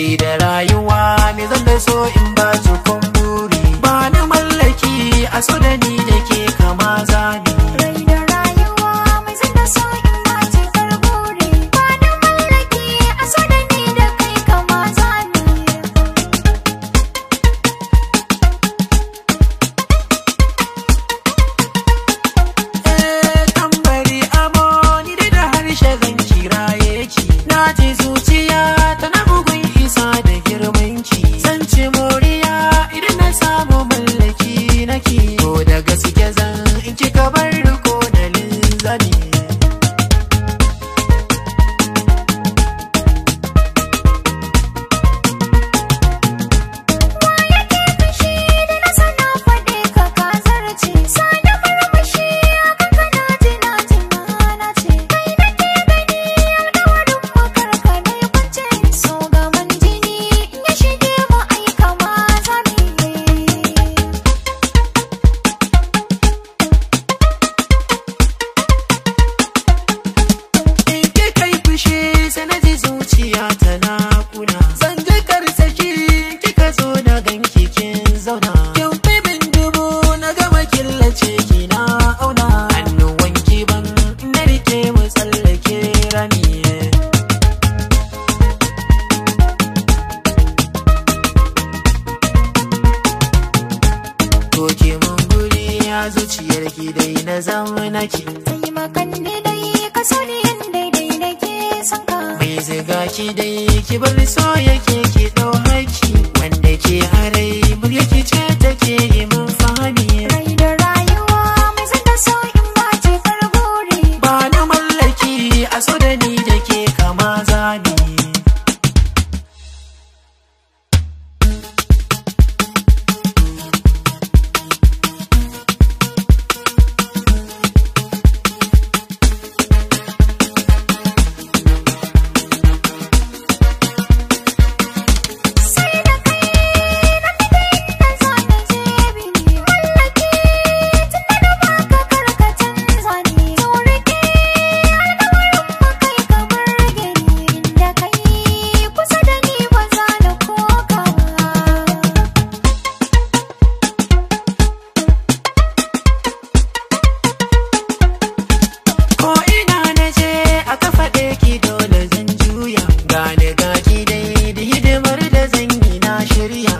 kai da rayuwa me zan da so in ba su buri ba na mallaki a so da ni ki dai na zama ki sai makan dai ka sani yan daidai nake son ka mai ziga ki dai ki bar so ki dau haki wanda ke harai muryar ki ce take yi city.